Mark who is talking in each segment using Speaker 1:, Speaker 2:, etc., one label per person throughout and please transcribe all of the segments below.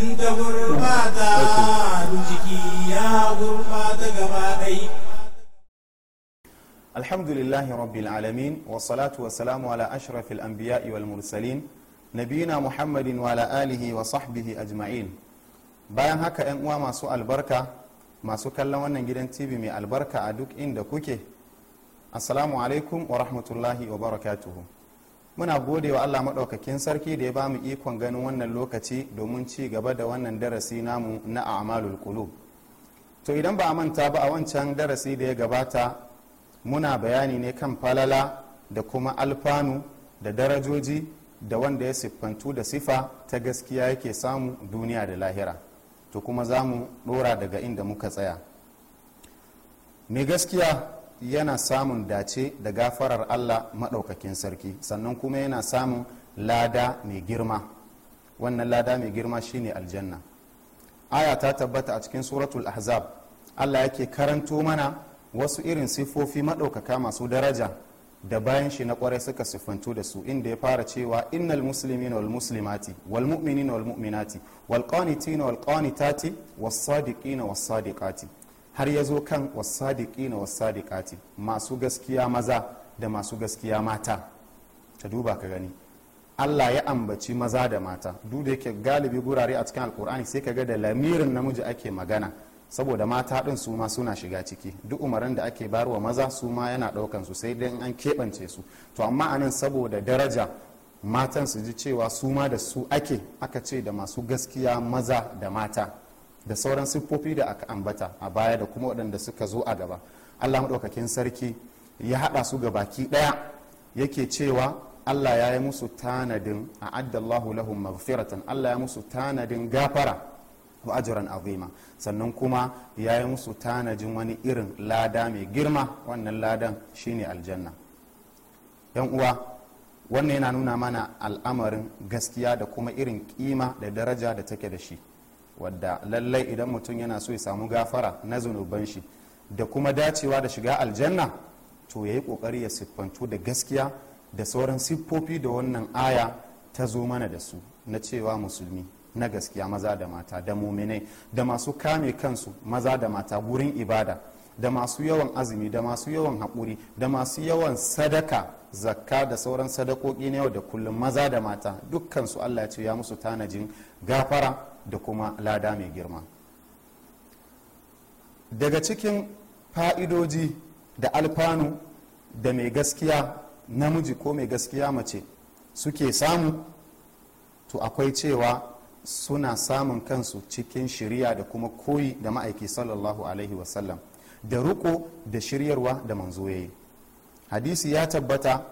Speaker 1: in ta gurbata jiki ya gurbata gaba ɗai alhamdulillahi rabbil ala ashrafil anbiya'i wal mursalin nabiyina muhammadin wala alihi wa sahbihi ajma'in bayan haka yan uwa masu albarka masu kallon wannan gidan tv mai albarka a duk inda kuke assalamu alaikum wa rahmatullahi wa barakatuhu muna gode wa allah maɗaukakin sarki da ya ba mu ikon ganin wannan lokaci domin ci gaba da wannan darasi namu na amalul kulub to idan ba a manta ba a wancan darasi da ya gabata muna bayani ne kan falala da kuma alfanu da darajoji da wanda ya siffantu da sifa ta gaskiya yake samu duniya da lahira to kuma za mu ɗora daga inda muka tsaya mai gaskiya yana samun dace da gafarar allah maɗaukakin sarki sannan kuma yana samun lada mai girma wannan lada mai girma shine aljanna aya ta tabbata a cikin suratul ahzab allah yake karanto mana wasu irin siffofi maɗaukaka masu daraja da bayan shi na kwarai suka siffantu da su inda ya fara cewa innal muslimina wal muslimati wal mu'minina wal mu'minati wal qanitina wal qanitati was sadiqina was sadiqati har ya zo kan na wasadikati masu gaskiya maza da masu gaskiya mata ta duba ka gani Allah ya ambaci maza da mata duk da yake galibi gurare a cikin alkur'ani sai ka ga da lamirin namiji ake magana saboda mata din su ma suna shiga ciki duk umarin da ake barwa maza su ma yana daukan su sai dai an keɓance su to amma anan saboda daraja matan su ji cewa su ma da su ake aka ce da masu gaskiya maza da mata da sauran siffofi da aka ambata a baya da kuma waɗanda suka zo a gaba allah maɗaukakin sarki ya haɗa su ga baki ɗaya yake cewa allah ya yi musu tanadin a addallahu lahum maghfiratan allah ya musu tanadin gafara wa ajiran azima sannan kuma ya yi musu tanadin wani irin lada mai girma wannan ladan shine aljanna yan uwa wannan yana nuna mana al'amarin gaskiya da kuma irin kima da daraja da take da shi wadda lallai idan mutum yana so ya samu gafara na zunuban shi da kuma dacewa da shiga aljanna to ya yi kokari ya siffantu da gaskiya da sauran siffofi da wannan aya ta zo mana da su na cewa musulmi na gaskiya maza da mata da muminai da masu kame kansu maza da mata wurin ibada da masu yawan azumi da masu yawan haƙuri da masu yawan sadaka zakka da sauran sadakoki na yau da kullum maza da mata dukkan su allah ce ya musu tanajin gafara da kuma lada mai girma daga cikin fa'idoji da alfanu da mai gaskiya namiji ko mai gaskiya mace suke samu to akwai cewa suna samun kansu cikin shirya da kuma koyi da ma'aiki sallallahu alaihi wasallam da ruko da shiryarwa da manzo yayi hadisi ya tabbata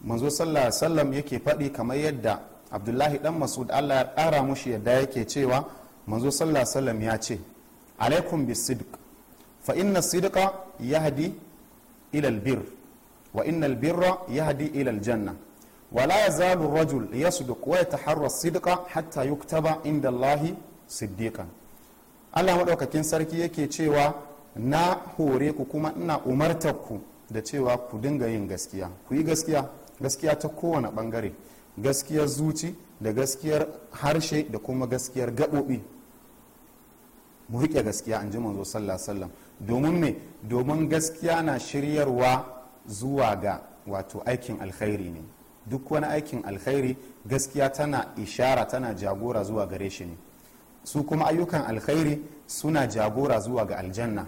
Speaker 1: manzo sallallahu alaihi wasallam yake faɗi kamar yadda abdullahi dan masud allah ya kara mushi yadda yake cewa manzo sallallahu wasallam ya ce alaikum bis sidq fa inna sidqa yahdi ila al birr wa inna al birra yahdi ila al janna wa la yazalu rajul yasduq wa yataharra sidqa hatta yuktaba inda allahi siddiqan allah madaukakin sarki yake cewa na hore ku kuma ina umartar ku da cewa ku dinga yin gaskiya ku yi gaskiya gaskiya ta kowane bangare gaskiyar zuci da gaskiyar harshe da kuma gaskiyar gaɓoɓi mu riƙe gaskiya an ji manzo sallam domin me domin gaskiya na shiryarwa zuwa ga wato aikin alkhairi ne duk wani aikin alkhairi gaskiya tana ishara tana jagora zuwa gare shi ne su kuma ayyukan alkhairi suna jagora zuwa ga aljanna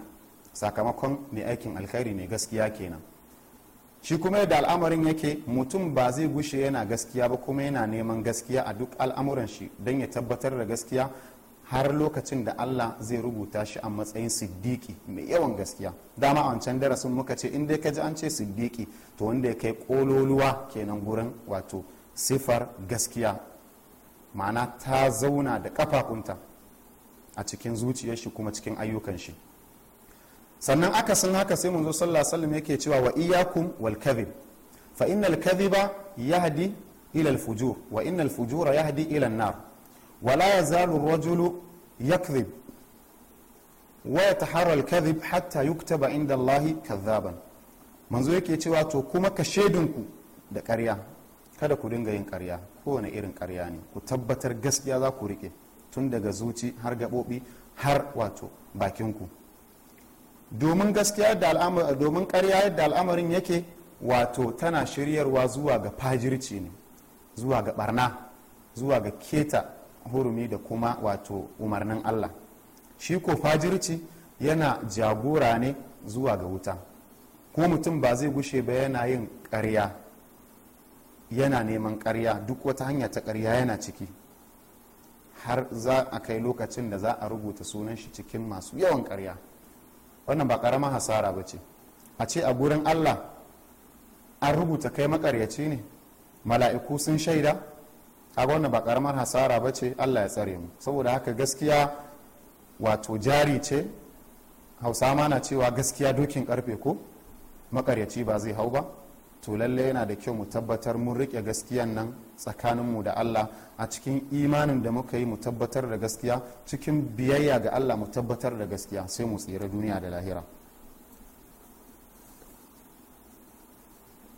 Speaker 1: sakamakon mai aikin alkhairi mai gaskiya kenan shi kuma yadda al'amarin yake mutum ba zai gushe yana gaskiya ba kuma yana neman gaskiya a duk al'amuran shi don ya tabbatar da gaskiya har lokacin da Allah zai rubuta shi a matsayin siddiki mai yawan gaskiya dama a wancan darasin muka ce in dai ka ji an ce siddiki to wanda ya kai kololuwa kenan gurin wato sifar gaskiya ma'ana ta zauna da kafafunta a cikin zuciyar shi kuma cikin ayyukan shi sannan akasin haka sai manzo sallallahu alaihi wasallam yake cewa wa iyyakum wal kadhib fa innal kadhiba yahdi ila al fujur wa innal fujura yahdi ila an nar wa la yazalu ar-rajulu yakdhib wa yataharra al kadhib hatta yuktaba inda allahi kadhaban manzo yake cewa to kuma ka shedinku da ƙarya kada ku dinga yin ƙarya kowane irin ƙarya ne ku tabbatar gaskiya za ku rike tun daga zuci har gaɓoɓi har wato bakinku domin gaskiya da al'amarin domin ƙarya yadda al'amarin yake wato tana shiryarwa zuwa ga fajirci ne zuwa ga barna zuwa ga keta hurumi da kuma wato umarnin allah shi ko fajirci yana jagora ne zuwa ga wuta ko mutum ba zai gushe ba yana yin ƙarya yana neman karya duk wata hanya ta ƙarya yana ciki har za a kai lokacin da za a rubuta sunan shi cikin masu yawan ƙarya wannan ba karamar hasara ba ce a ce a gurin allah an rubuta kai makaryaci ne mala'iku sun shaida kaga wannan ba karamar hasara ba ce allah ya tsare mu saboda haka gaskiya wato jari ce hausa mana cewa gaskiya dokin karfe ko makaryaci ba zai hau ba to lalle yana da kyau mu tabbatar mun riƙe gaskiyan nan tsakaninmu da Allah a cikin imanin da muka yi mu tabbatar da gaskiya cikin biyayya ga Allah mu tabbatar da gaskiya sai mu tsira duniya da lahira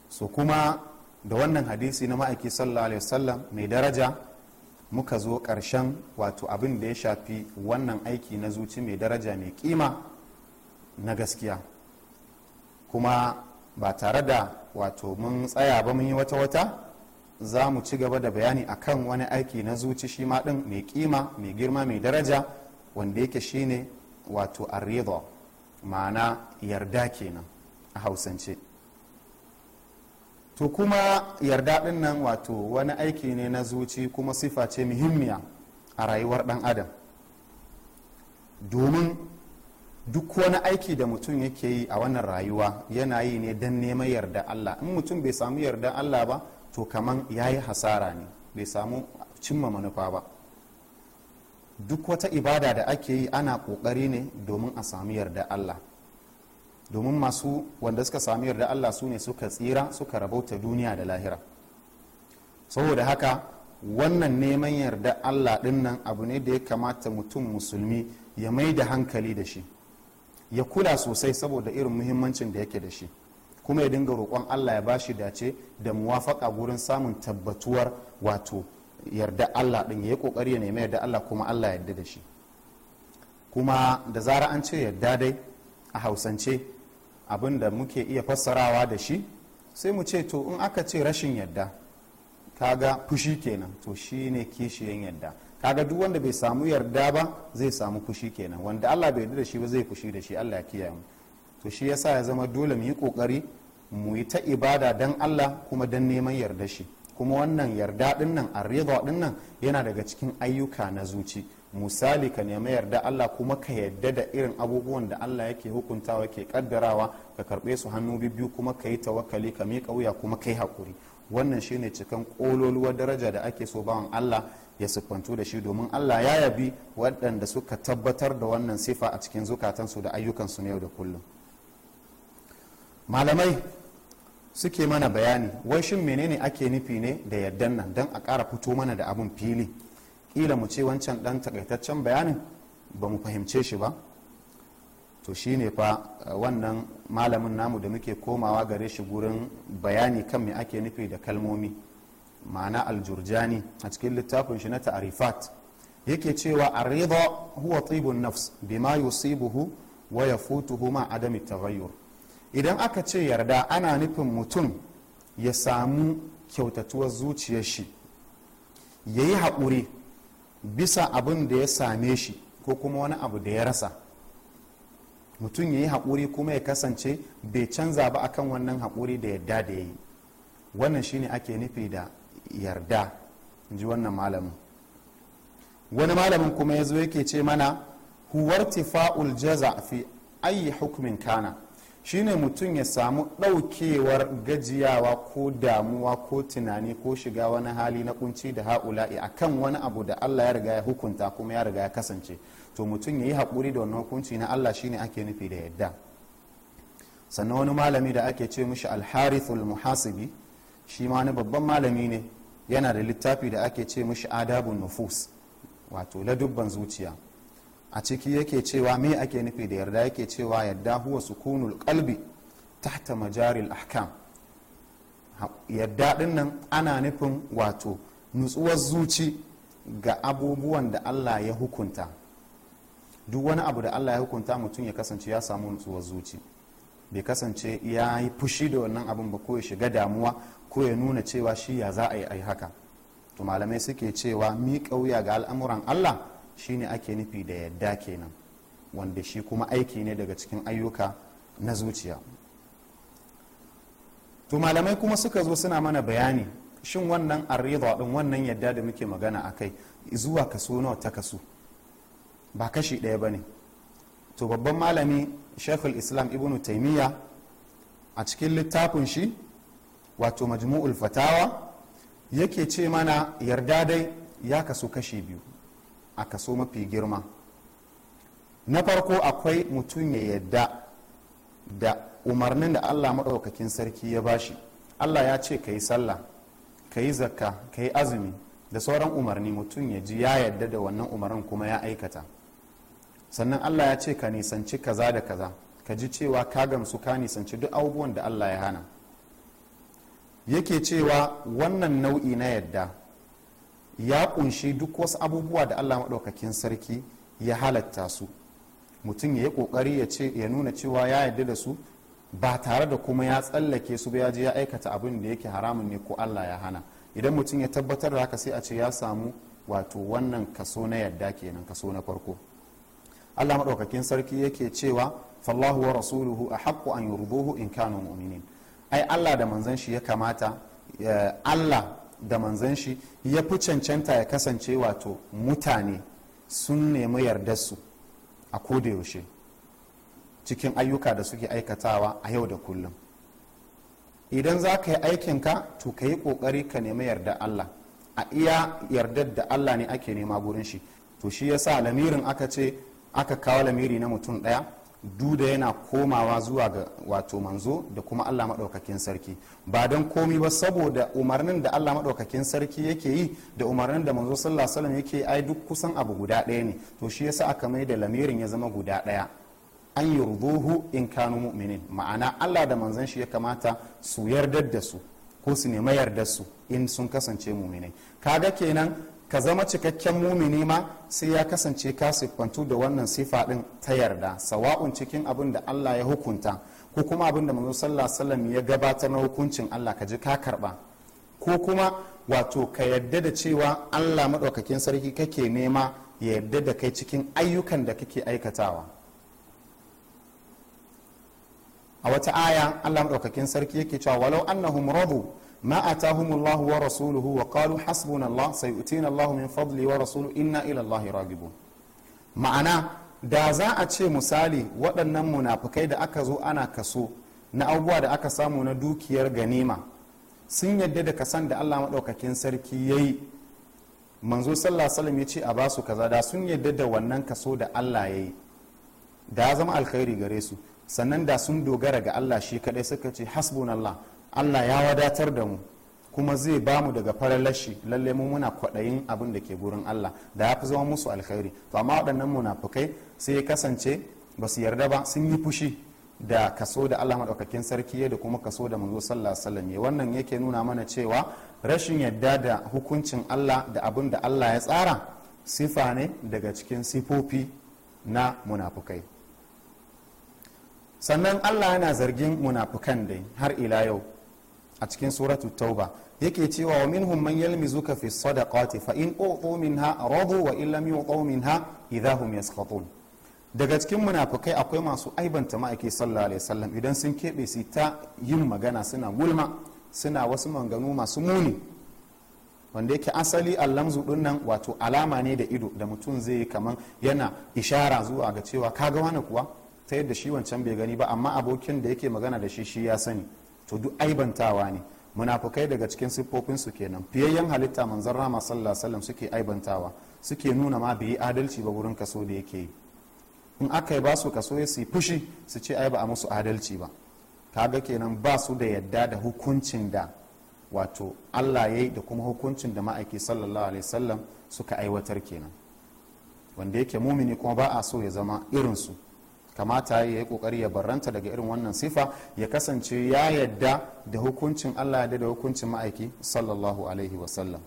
Speaker 1: so kuma da wannan hadisi na ma'aiki sallallahu alaihi wasallam mai daraja muka zo ƙarshen wato abin da ya shafi wannan aiki na zuci mai daraja mai kima na gaskiya kuma ba tare da wato mun tsaya ba mun yi wata wata za mu ci gaba da bayani akan wani aiki na zuci shi ma din mai kima mai girma mai daraja wanda yake shine wato arriba ma'ana yarda kenan a hausance to kuma yarda din nan wato wani aiki ne na zuci kuma sifa ce muhimmiya a rayuwar dan adam domin duk wani aiki da mutum yake yi a wannan rayuwa yana yi ne don neman yarda Allah in mutum bai samu yarda Allah ba to kaman ya yi hasara ne bai samu cimma manufa ba duk wata ibada da ake yi ana kokari ne domin a samu yarda Allah domin masu wanda suka samu yarda Allah su ne suka tsira suka rabauta duniya da lahira saboda haka wannan neman yarda Allah ɗinnan abu ne da ya kamata mutum musulmi ya mai da hankali da shi ya kula sosai saboda irin muhimmancin da yake da shi kuma ya dinga roƙon allah ya bashi dace da muwafaka gurin samun tabbatuwar wato yarda allah ɗin ya yi ƙoƙari ya nemi yarda allah kuma allah yarda da shi kuma da zara an ce yarda dai a hausance abin da muke iya fassarawa da shi sai mu ce to in aka ce rashin yarda kaga fushi kenan to shi ne kishiyan yarda kaga duk wanda bai samu yarda ba zai samu fushi kenan wanda Allah bai yarda da shi ba zai fushi da shi Allah ya kiyaye mu to shi yasa ya zama dole mu yi kokari mu yi ta ibada dan Allah kuma dan neman yarda shi kuma wannan yarda din nan arrida din yana daga cikin ayyuka na zuci misali ka nemi yarda Allah kuma ka yarda da irin abubuwan da Allah yake hukuntawa yake kaddarawa ka karbe su hannu biyu kuma ka yi tawakali ka miƙa wuya kuma ka yi haƙuri wannan shine cikan ƙololuwar daraja da ake so bawan Allah ya siffantu da shi domin allah ya yabi waɗanda suka tabbatar da wannan sifa a cikin zukatansu da ayyukansu na yau da kullum malamai suke mana bayani wai shin menene ake nufi ne da yardan nan don a ƙara fito mana da abin fili ƙila mu ce wancan ɗan takaitaccen bayanin ba mu fahimce shi ba to shi ne fa eh, wannan malamin namu da muke komawa gare shi gurin bayani kan me ake nufi da kalmomi ma'ana aljurjani a cikin littafin shi na ta'rifat yake cewa arida huwa tibun nafs bima yusibuhu wa yafutuhu ma adami taghayyur idan aka ce yarda ana nufin mutum ya samu kyautatuwar zuciyar shi ya yi haƙuri bisa abin da ya same shi ko kuma wani abu da ya rasa mutum ya yi haƙuri kuma ya kasance bai canza ba akan wannan haƙuri da yadda da ya yi wannan shine ake nufi da yarda ji wannan malamin wani malamin kuma ya zo yake ce mana huwar tifa'ul jaza fi ayi hukumin kana shine mutum ya samu ɗaukewar gajiyawa ko damuwa ko tunani ko shiga wani hali na kunci da ha'ula'i a kan wani abu da allah ya riga ya hukunta kuma ya riga ya kasance to mutum ya yi haƙuri da wannan hukunci na allah shine ake nufi da yadda sannan wani malami da ake ce mushi alharithul muhasibi shi ma wani babban malami ne yana da littafi da ake ce mishi adabun nufus wato ladubban zuciya a ciki yake cewa me ake nufi da yarda yake cewa yadda huwa sukunul kalbi tahta majaril ahkam yadda din nan ana nufin wato nutsuwar zuci ga abubuwan da Allah ya hukunta duk wani abu da Allah ya hukunta mutum ya kasance ya samu nutsuwar zuci bai kasance ya yi fushi da wannan abin ba ko ya shiga damuwa ko ya nuna cewa shi ya za a yi ai haka to malamai suke cewa miƙa wuya ga al'amuran allah shine ake nufi da yadda kenan wanda shi kuma aiki ne daga cikin ayyuka na zuciya to malamai kuma suka zo suna mana bayani shin wannan arriba din wannan yadda da muke magana a kai zuwa kaso nawa ta kaso ba kashi ɗaya ba ne to babban malami shekul islam ibn taimiyya a cikin littafin shi wato majmu'ul fatawa yake ce mana yarda dai ya kaso kashi biyu a kaso mafi girma na farko akwai mutum ya yadda da umarnin da allah maɗaukakin sarki ya bashi allah ya ce ka yi sallah ka yi zakka ka yi azumi da sauran umarni mutum ya ji ya yadda da wannan umarnin kuma ya aikata sannan allah ya ce ka nisanci kaza da kaza ka ji cewa ka gamsu ka nisanci duk abubuwan da allah ya hana yake cewa wannan nau'i na yadda ya kunshi duk wasu abubuwa da allah maɗaukakin sarki ya halatta su mutum ya yi ƙoƙari ya nuna cewa ya yarda da su ba tare da kuma ya tsallake su ba ya je ya aikata abin da yake haramun ne ko allah ya hana idan mutum ya tabbatar da haka sai a ce ya samu wato wannan kaso na yadda kenan kaso na farko Allah maɗaukakin sarki yake cewa fallahu wa rasuluhu a haƙƙo an yurduhu in kanu mu'minin ai Allah da manzan shi ya kamata Allah da manzon shi ya fi cancanta ya kasance wato mutane sun nemi yardar su a kodayaushe cikin ayyuka da suke aikatawa a yau da kullum idan za ka yi aikinka to ka yi kokari ka nemi yarda Allah a iya yardar da Allah ne ake nema gurin shi to shi yasa lamirin aka ce aka kawo lamiri na mutum ɗaya duda yana komawa zuwa ga wato manzo da kuma allah maɗaukakin sarki ba don komi ba saboda umarnin da allah maɗaukakin sarki yake yi da umarnin da manzo sallallahu alaihi wasallam yake ai duk kusan abu guda ɗaya ne to shi yasa aka mai da lamirin ya zama guda ɗaya an yi ruduhu in kanu mu'minin ma'ana allah da manzon shi ya kamata su yardar da su ko su nema yardar su in sun kasance mu'minai kaga kenan ka zama cikakken mumini ma sai ya kasance ka siffantu da wannan sifa din ta yarda sawa'un cikin abin da Allah ya hukunta ko kuma abin da manzo sallallahu ya gabatar na hukuncin Allah ka ji ka karba ko kuma wato ka yadda da cewa Allah madaukakin sarki kake nema ya yadda da kai cikin ayyukan da kake aikatawa a wata aya Allah madaukakin sarki yake cewa walau annahum rabu ما أتاهم الله ورسوله وقالوا حسبنا الله سيؤتينا الله من فضله ورسوله إنا إلى الله راغبون ma'ana da za a ce misali waɗannan munafukai da aka zo ana kaso na abubuwa da aka samu na dukiyar ganima sun yadda da kasan da allah maɗaukakin sarki ya yi manzo sallallahu ya ce a basu kaza da sun yadda da wannan kaso da allah ya yi da ya zama alkhairi gare su sannan da sun dogara ga allah shi kaɗai suka ce hasbunallah allah ya wadatar da mu kuma zai ba mu daga lashi lalle mu muna kwaɗayin abin da ke gurin allah da ya fi zama musu alkhairi to amma waɗannan munafukai sai ya kasance ba su yarda ba sun yi fushi da kaso da allah maɗaukakin sarki da kuma kaso da manzo sallallahu alaihi wannan yake nuna mana cewa rashin yadda da hukuncin allah da abin da allah ya tsara sifa ne daga cikin sifofi na munafukai sannan allah yana zargin munafukan dai har ila yau a cikin suratu tauba yake cewa wa minhum man yalmizuka fi sadaqati fa in uqu minha radu wa in lam yuqu minha idahum yasqatun daga cikin munafukai akwai masu aibanta ma'aiki sallallahu alaihi wasallam idan sun keɓe su ta yin magana suna gulma suna wasu manganu masu muni wanda yake asali allamzu din nan wato alama ne da ido da mutum zai yi kamar yana ishara zuwa ga cewa kaga wani kuwa ta yadda shi wancan bai gani ba amma abokin da yake magana da shi shi ya sani to duk aibantawa ne munafukai daga cikin siffofin su kenan fiyayyen halitta manzon rama sallallahu alaihi suke aibantawa suke nuna ma bai adalci ba wurin kaso da yake yi in aka yi basu kaso ya su fushi su ce ai ba a musu adalci ba kaga kenan ba su da yadda da hukuncin da wato Allah ya yi da kuma hukuncin da ma'aiki sallallahu alaihi wasallam suka aiwatar kenan wanda yake mumini kuma ba a so ya zama irinsu kamata ya yi kokari ya barranta daga irin wannan sifa ya kasance ya yadda da hukuncin allah ya da hukuncin ma'aiki sallallahu alaihi wasallam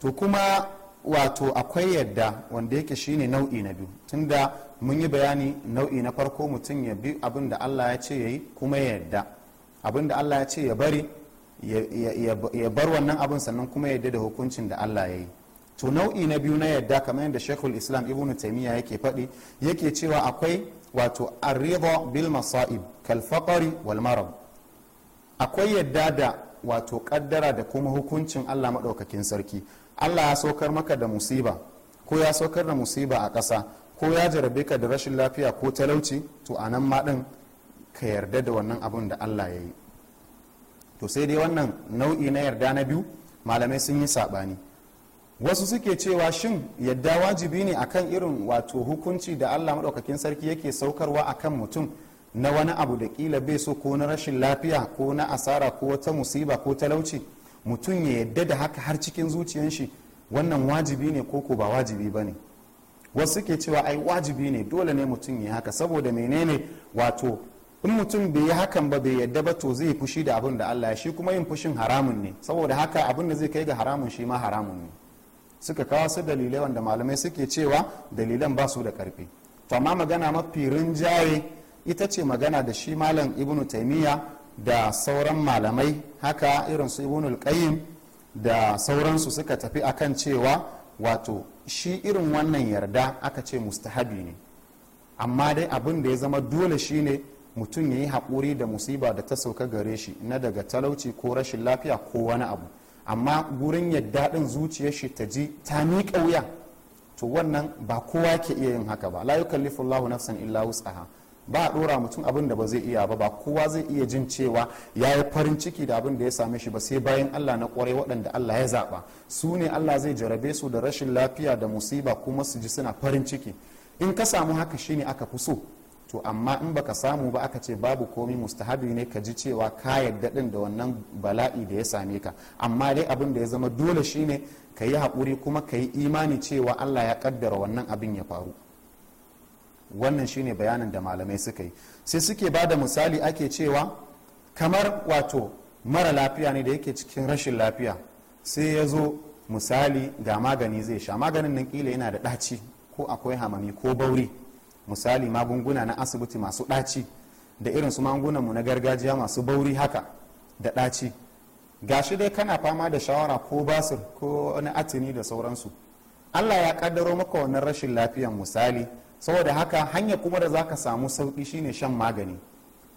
Speaker 1: to kuma wato akwai yadda wanda yake shine nau'i na biyu tunda mun yi bayani nau'i na farko mutum ya bi abin da allah ya ce ya yi kuma ya yadda abin da allah ya ce ya bari ya bar wannan abin sannan kuma ya yadda da hukuncin da allah ya yi to nau'i na biyu na yadda kamar yadda shekul islam ibn taimiyya yake faɗi yake cewa akwai wato arriba bil masa'ib kal faqari akwai yadda da wato kaddara da kuma hukuncin Allah maɗaukakin sarki Allah ya saukar maka da musiba ko ya saukar da musiba a ƙasa ko ya jarabe ka da rashin lafiya ko talauci to a nan ma din ka yarda da wannan abun da Allah ya yi to sai dai wannan nau'i na yarda na biyu malamai sun yi saɓani wasu suke cewa shin yadda wajibi ne akan irin wato hukunci da allah maɗaukakin sarki yake saukarwa akan mutum na wani abu da ƙila bai so ko na rashin lafiya ko na asara ko wata musiba ko talauci mutum ya yadda da haka har cikin zuciyan shi wannan wajibi ne ko ko ba wajibi ba ne wasu suke cewa ai wajibi ne dole ne mutum ya haka saboda menene wato in mutum bai yi hakan ba bai yadda ba to zai fushi da abin da allah ya shi kuma yin fushin haramun ne saboda haka abin da zai kai ga haramun shi ma haramun ne suka kawo su dalilai wanda malamai suke cewa dalilan ba su da karfi to amma magana mafi rinjaye ita ce magana da shi malam ibnu taimiyya da sauran malamai haka irin su ibnu alqayyim da sauransu suka tafi akan cewa wato shi irin wannan yarda aka ce mustahabi ne amma dai abin da ya zama dole shine mutum ya yi haƙuri da musiba da ta sauka gare shi na daga talauci ko rashin lafiya ko wani abu amma gurin yadda din zuciyar shi ta ji ta miƙa wuya to wannan ba kowa ke iya yin haka ba la yukallifu Allahu nafsan illa wus'aha ba a dora mutum abin da ba zai iya ba ba kowa zai iya jin cewa ya yi farin ciki da abin da ya same shi ba sai bayan Allah na kwarai waɗanda Allah ya zaɓa su ne Allah zai jarabe su da rashin lafiya da musiba kuma su ji suna farin ciki in ka samu haka shine aka fi so to amma in baka samu ba aka ce babu komi mustahabi ne ka ji cewa ka yadda din da wannan bala'i da ya same ka amma dai abin da ya zama dole shine ka yi haƙuri kuma ka yi imani cewa allah ya kaddara wannan abin ya faru wannan shine bayanin da malamai suka yi sai suke ba da misali ake cewa kamar wato mara lafiya ne da yake cikin rashin lafiya sai ya zo misali ga magani zai sha maganin nan kila yana da ɗaci ko akwai hamami ko bauri misali magunguna na asibiti masu ɗaci da irin su mu na gargajiya masu bauri haka da ɗaci gashi dai kana fama da shawara ko basir ko wani atini da sauransu allah ya kaddaro maka wannan rashin lafiyan misali saboda haka hanya kuma da za ka samu sauki shine shan magani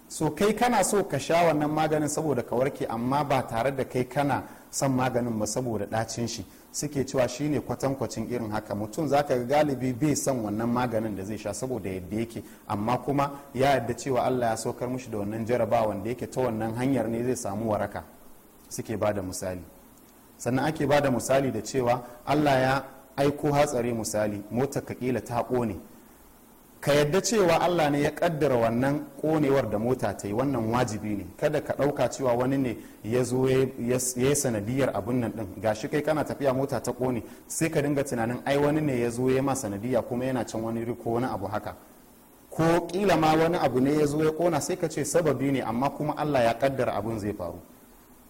Speaker 1: so kai kana so ka sha wannan maganin saboda ka warke amma ba tare da kai kana san maganin ba saboda ɗacin shi suke cewa shine kwatankwacin irin haka mutum za ga galibi bai san wannan maganin da zai sha saboda yadda yake amma kuma ya yadda cewa Allah ya saukar mushi da wannan jarabawan da yake ta wannan hanyar ne zai samu waraka suke bada misali sannan ake bada misali da cewa Allah ya aiko hatsari misali mota kakila ta ƙone ka yadda cewa allah ne ya kaddara wannan konewar da mota ta yi wannan wajibi ne kada ka ɗauka cewa wani ne ya zo ya yi sanadiyar abun nan ɗin gashi kai kana tafiya mota ta kone sai ka dinga tunanin ai wani ne ya zo ya ma sanadiya kuma yana can wani riko wani abu haka ko kila ma wani abu ne ya zo ya kona sai ka ce sababi ne amma kuma allah ya kaddara abun zai faru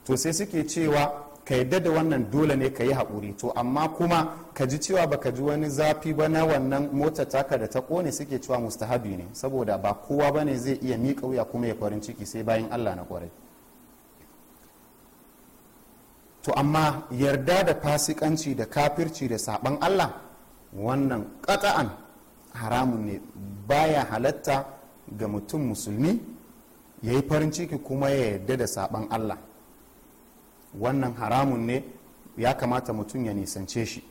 Speaker 1: to sai suke cewa ka yadda da wannan dole ne ka yi haƙuri to amma kuma ka ji cewa baka ji wani zafi ba na wannan motar taka da ta kone suke cewa mustahabi ne saboda ba kowa ba ne zai iya miƙa wuya kuma ya farin ciki sai bayan allah na kwarai to amma yarda da fasikanci da kafirci da saɓan allah wannan ƙata'an haramun ne baya halatta ga mutum musulmi ya yi farin ciki kuma ya yarda da saɓan allah wannan haramun ne ya kamata mutum ya nisance shi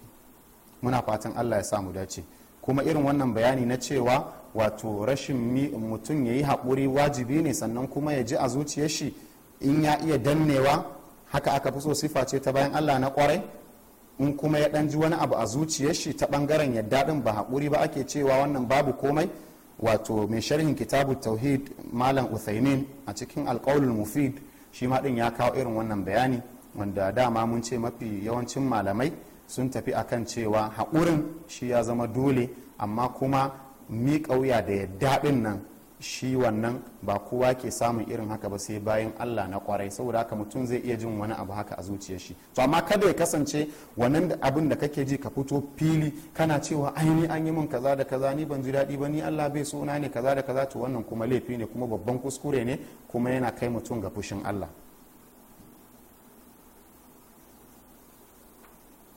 Speaker 1: muna fatan allah ya samu dace kuma irin wannan bayani na cewa wato rashin mutum ya yi haƙuri wajibi ne sannan kuma ya ji a zuciyar shi in ya iya dannewa haka aka fi so sifa ce ta bayan allah na kwarai in kuma ya ɗan ji wani abu a zuciyar shi ta ɓangaren yadda ɗin ba haƙuri ba ake cewa wannan babu komai wato mai sharhin kitabu tauhid malam uthaymin a cikin alƙawlul mufid shi ma ɗin ya kawo irin wannan bayani wanda dama mun ce mafi yawancin malamai sun tafi akan cewa haƙurin shi ya zama dole amma kuma miƙa wuya da yadda nan shi wannan ba kowa ke samun irin haka ba sai bayan Allah na kwarai saboda haka mutum zai iya jin wani abu haka a zuciyar shi to amma kada ya kasance wannan abin da kake ji ka fito fili kana cewa aini ni an yi min kaza da kaza ni ban ji daɗi ba ni Allah bai so na ne kaza da kaza to wannan kuma laifi ne kuma babban kuskure ne kuma yana kai mutum ga fushin Allah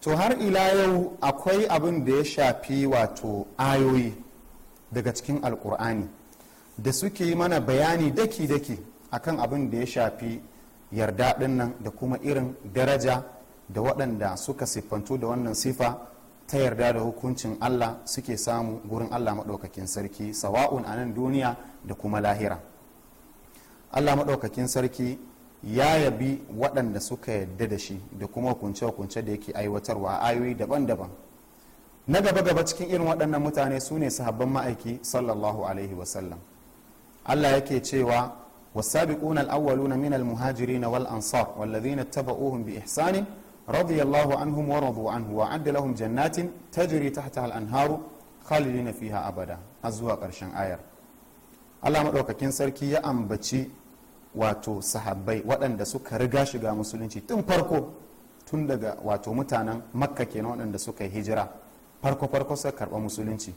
Speaker 1: to har ila yau akwai abin da ya shafi wato ayoyi daga cikin alkur'ani da suke yi mana bayani daki-daki akan abin da ya shafi yarda nan da kuma irin daraja da waɗanda suka siffantu da wannan sifa ta yarda da hukuncin allah suke samu gurin allah maɗaukakin sarki sawa'un a nan duniya da kuma lahira allah maɗaukakin sarki ya yabi waɗanda suka yarda da shi da kuma hukunce-hukunce da yake aiwatarwa a ayoyi daban-daban na gaba-gaba cikin irin waɗannan mutane su ne sahabban ma'aiki sallallahu alaihi wasallam allah yake cewa والسابقون الأولون من المهاجرين والأنصار والذين اتبعوهم بإحسان رضي الله عنهم ورضوا عنه tajiri لهم جنات تجري تحتها الأنهار خالدين فيها أبدا zuwa قرشان آير Allah maɗaukakin sarki ya ambaci wato sahabbai waɗanda suka riga shiga musulunci tun farko tun daga wato mutanen makka kenan waɗanda suka yi hijira farko farko suka karɓa musulunci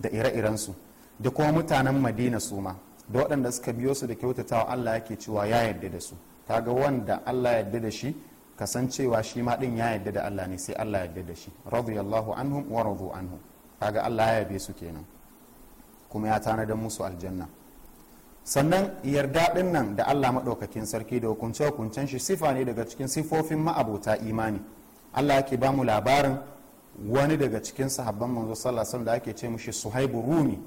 Speaker 1: da ire su da kuma mutanen madina suma. da waɗanda suka biyo su da kyautatawa Allah yake cewa ya yarda da su ga wanda Allah yarda da shi kasancewa shi ma din ya yarda da Allah ne sai Allah yarda da shi radiyallahu anhum wa radu anhu kaga Allah ya yabe su kenan kuma ya tanadar musu aljanna sannan yarda din nan da Allah madaukakin sarki da hukunce hukuncen shi sifa ne daga cikin sifofin ma'abota imani Allah yake ba mu labarin wani daga cikin sahabban manzo sallallahu alaihi da ake ce mushi Suhaibu Rumi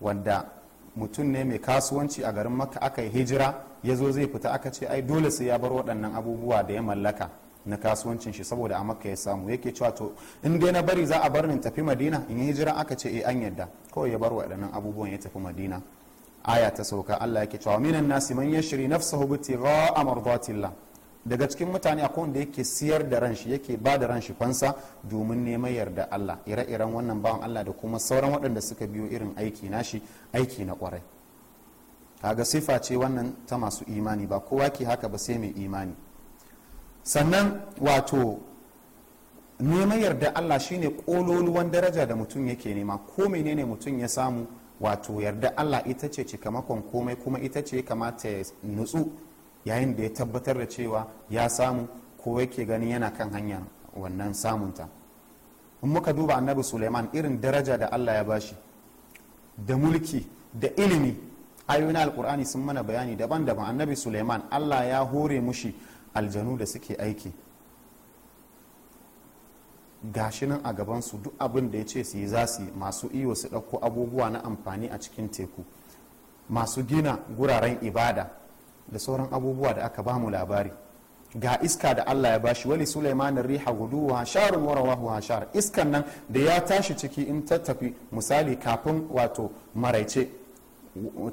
Speaker 1: wanda mutum ne mai kasuwanci a garin makka aka yi hijira ya zo zai fita aka ce ai dole sai ya bar waɗannan abubuwa da ya mallaka na kasuwancin shi saboda a makka ya samu yake cewa to in dai na bari za a bar ni tafi madina in yi hijira aka ce eh an yadda kawai ya bar waɗannan abubuwan ya tafi madina aya ta sauka allah yake cewa minan nasi man yashri nafsahu bi tigha amrdatillah daga cikin mutane akwai wanda yake siyar da ranshi yake ba da shi fansa domin neman yarda Allah ire-iren wannan bawan Allah da kuma sauran waɗanda suka biyo irin aiki na shi aiki na kwarai kaga sifa ce wannan ta masu imani ba kowa ke haka ba sai mai imani sannan wato neman yarda Allah shine kololuwan daraja da mutum yake nema ko menene mutum ya samu wato yarda Allah ita ce cikamakon komai kuma ita ce kamata ya nutsu yayin da ya tabbatar da cewa ya samu ko yake ganin yana kan hanyar wannan samunta in muka duba annabi suleiman irin daraja da allah ya bashi da mulki da ilimi ayoyin alkur'ani sun mana bayani daban-daban annabi suleiman allah ya hore mushi aljanu da suke aiki gashi nan a gabansu duk abin da ya ce su yi za su yi masu iyo su ɗauko abubuwa na amfani a cikin teku masu gina guraren ibada da sauran abubuwa da aka bamu labari ga iska da Allah ya bashi wani Sulaiman riha guduwa sharun wa rawahu shar iskan nan da ya tashi ciki in ta tafi misali kafin wato maraice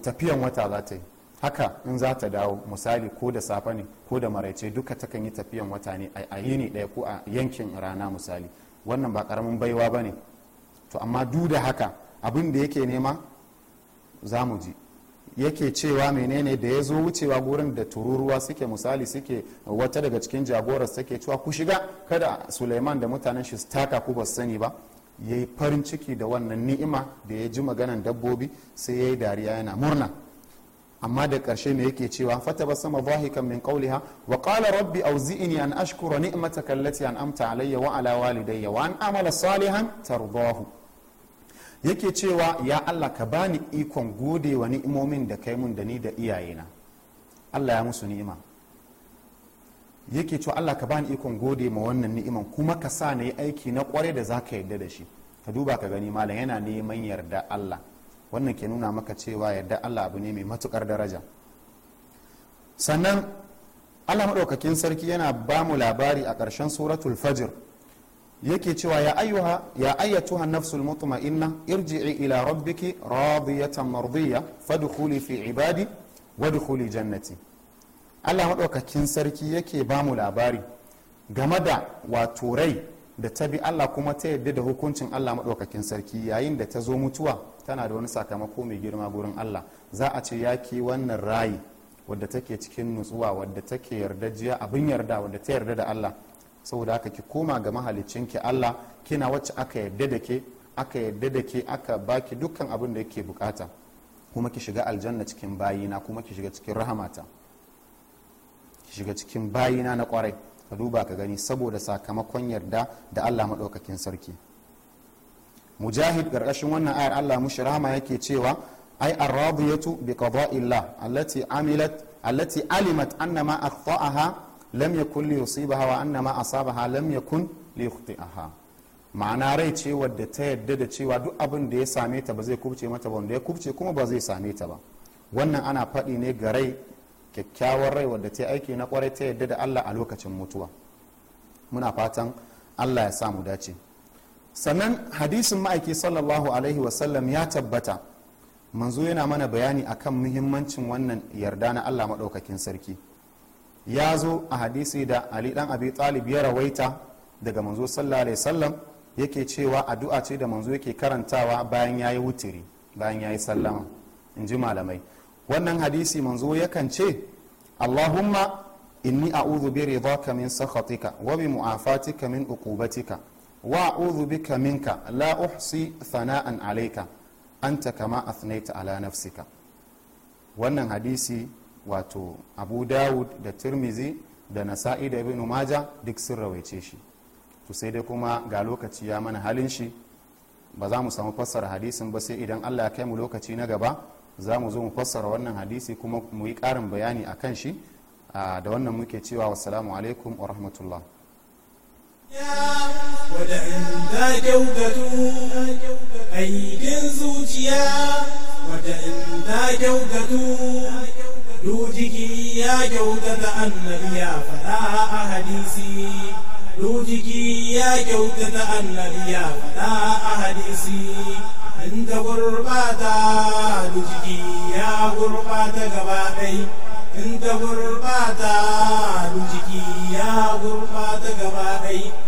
Speaker 1: tafiyan wata za ta yi haka in za ta dawo misali ko da safe ne ko da maraice duka ta kan yi tafiyan wata ne a yini ɗaya ko a yankin rana misali wannan ba karamin baiwa ba ne to amma duk da haka abin da yake nema za mu ji yake cewa menene da ya zo wucewa gurin da tururuwa suke misali suke wata daga cikin jagorar take cewa ku shiga kada suleiman da mutanen shi su taka ku ba sani ba ya yi farin ciki da wannan ni'ima da ya ji maganan dabbobi sai ya yi dariya yana murna amma da ƙarshe me yake cewa fata ba sama kan min ha wa qala rabbi awzi'ni an ashkura ni'imata kallati an amta wa ala walidayya wa an amala salihan tarbahu yake cewa ya allah ka bani ikon gode wa ni'imomin da kai mun da ni da iyayena allah ya musu ni'ima yake cewa allah ka bani ikon gode ma wannan ni'iman kuma ka sa na yi aiki na kware da za ka yarda da shi ka duba ka gani malam yana neman yarda allah wannan ke nuna maka cewa yarda allah abu ne mai matukar daraja sannan allah maɗaukakin sarki yana ba mu labari a ƙarshen suratul fajr yake cewa ya ayyuha ya ayyatu ayyatuha nafsul mutma'inna irji'i ila rabbiki radiyatan mardiya fadkhuli fi ibadi wadkhuli jannati Allah madaukakin sarki yake ba mu labari game da wato rai da ta bi Allah kuma ta yadda da hukuncin Allah madaukakin sarki yayin da ta zo mutuwa tana da wani sakamako mai girma gurin Allah za a ce ya ki wannan rayi wadda take cikin nutsuwa wadda take yarda jiya abin yarda wadda ta yarda da Allah saboda haka ki koma ga mahaliccinki Allah kina wacce aka yadda da ke aka yadda da ke aka baki dukkan abin da yake bukata kuma ki shiga aljanna cikin bayina kuma ki shiga cikin rahamata ki shiga cikin bayina na kwarai ka duba ka gani saboda sakamakon yarda da Allah maɗaukakin sarki mujahid ƙarƙashin wannan ayar Allah mushi rahama yake cewa ai arradiyatu bi qada'illah allati amilat allati alimat annama akhta'aha lam yakun li yusibaha wa anna ma asabaha lam yakun li yukhti'aha ma'ana rai ce wadda ta yadda da cewa duk abin da ya same ta ba zai kubce mata ba wanda ya kubce kuma ba zai same ta ba wannan ana faɗi ne ga rai kyakkyawar rai wadda ta aiki na kwarai ta yadda da Allah a lokacin mutuwa muna fatan Allah ya samu dace sannan hadisin ma'aiki sallallahu alaihi wasallam ya tabbata manzo yana mana bayani akan muhimmancin wannan yarda na Allah maɗaukakin sarki ya zo a hadisi da ali dan abi talib ya rawaita daga manzo sallallahu alaihi wasallam yake cewa addu'a ce da manzo yake karantawa bayan yayi wutiri bayan yayi sallama in ji malamai wannan hadisi manzo yakan ce allahumma inni a'udhu bi ridaka min sakhatika wa bi mu'afatika min uqubatika wa a'udhu bika minka la uhsi thana'an alayka anta kama athnayta ala nafsika wannan hadisi wato abu dawud da tirmizi da nasa'i da ibn maja duk sun rawaice shi to sai dai kuma ga lokaci ya mana halin shi ba za mu samu fassara hadisin ba sai idan allah ya kai mu lokaci na gaba za mu zo mu fassara wannan hadisi kuma mu yi ƙarin bayani a kan shi da wannan muke cewa wasalamu alaikum wa rahmatullah aikin zuciya rujiki ya kyautata annabi ya faɗa a hadisi rujiki ya kyautata annabi ya faɗa a hadisi in ta gurɓata rujiki ya gurɓata gaba ɗai in ta gurɓata rujiki ya gurɓata gaba ɗai